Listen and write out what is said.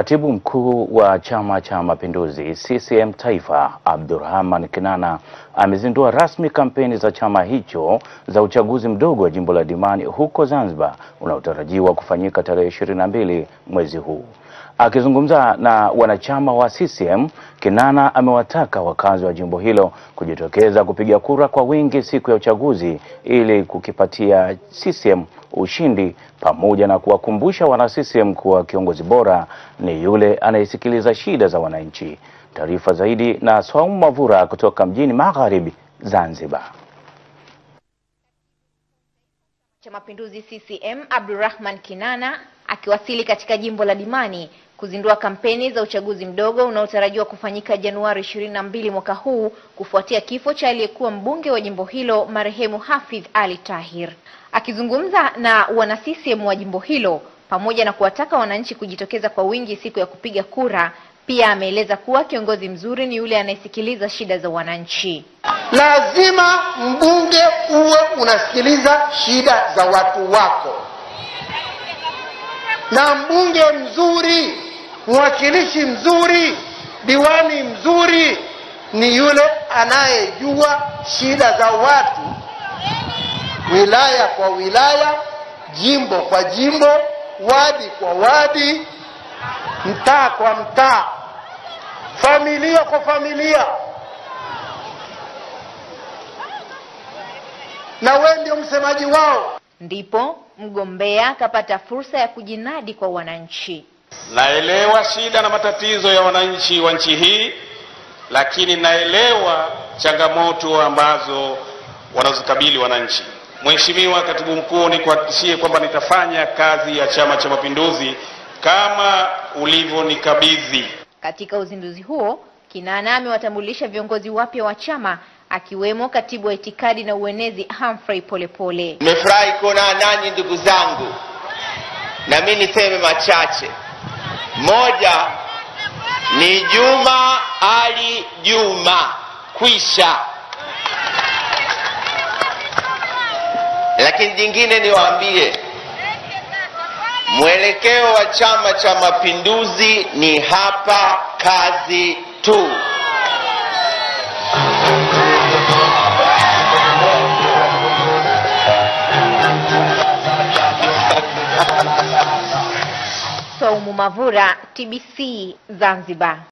Katibu mkuu wa Chama cha Mapinduzi CCM Taifa, Abdurrahman Kinana amezindua rasmi kampeni za chama hicho za uchaguzi mdogo wa jimbo la Dimani huko Zanzibar unaotarajiwa kufanyika tarehe 22 mwezi huu. Akizungumza na wanachama wa CCM, Kinana amewataka wakazi wa jimbo hilo kujitokeza kupiga kura kwa wingi siku ya uchaguzi ili kukipatia CCM ushindi pamoja na kuwakumbusha wana CCM kuwa kiongozi bora ni yule anayesikiliza shida za wananchi. Taarifa zaidi na Swaumu Mavura kutoka mjini Magharibi, Zanzibar cha Mapinduzi CCM Abdurrahman Kinana akiwasili katika jimbo la Dimani kuzindua kampeni za uchaguzi mdogo unaotarajiwa kufanyika Januari 22 mwaka huu kufuatia kifo cha aliyekuwa mbunge wa jimbo hilo marehemu Hafidh Ali Tahir. Akizungumza na wana CCM wa jimbo hilo pamoja na kuwataka wananchi kujitokeza kwa wingi siku ya kupiga kura, pia ameeleza kuwa kiongozi mzuri ni yule anayesikiliza shida za wananchi. Lazima mbunge uwe unasikiliza shida za watu wako, na mbunge mzuri, mwakilishi mzuri, diwani mzuri ni yule anayejua shida za watu, wilaya kwa wilaya, jimbo kwa jimbo, wadi kwa wadi, mtaa kwa mtaa, familia kwa familia. na wewe ndio msemaji wao. Ndipo mgombea akapata fursa ya kujinadi kwa wananchi. Naelewa shida na matatizo ya wananchi wa nchi hii, lakini naelewa changamoto ambazo wanazokabili wananchi. Mheshimiwa Katibu Mkuu, nikuhakikishie kwamba nitafanya kazi ya Chama cha Mapinduzi kama ulivyonikabidhi. Katika uzinduzi huo, Kinana amewatambulisha viongozi wapya wa chama akiwemo katibu wa itikadi na uenezi Humphrey Polepole. Nimefurahi kuona nanyi ndugu zangu, na mimi niseme machache. Moja ni Juma Ali Juma kwisha, lakini jingine niwaambie, mwelekeo wa Chama cha Mapinduzi ni hapa kazi tu. Saumu Mavura, TBC Zanzibar.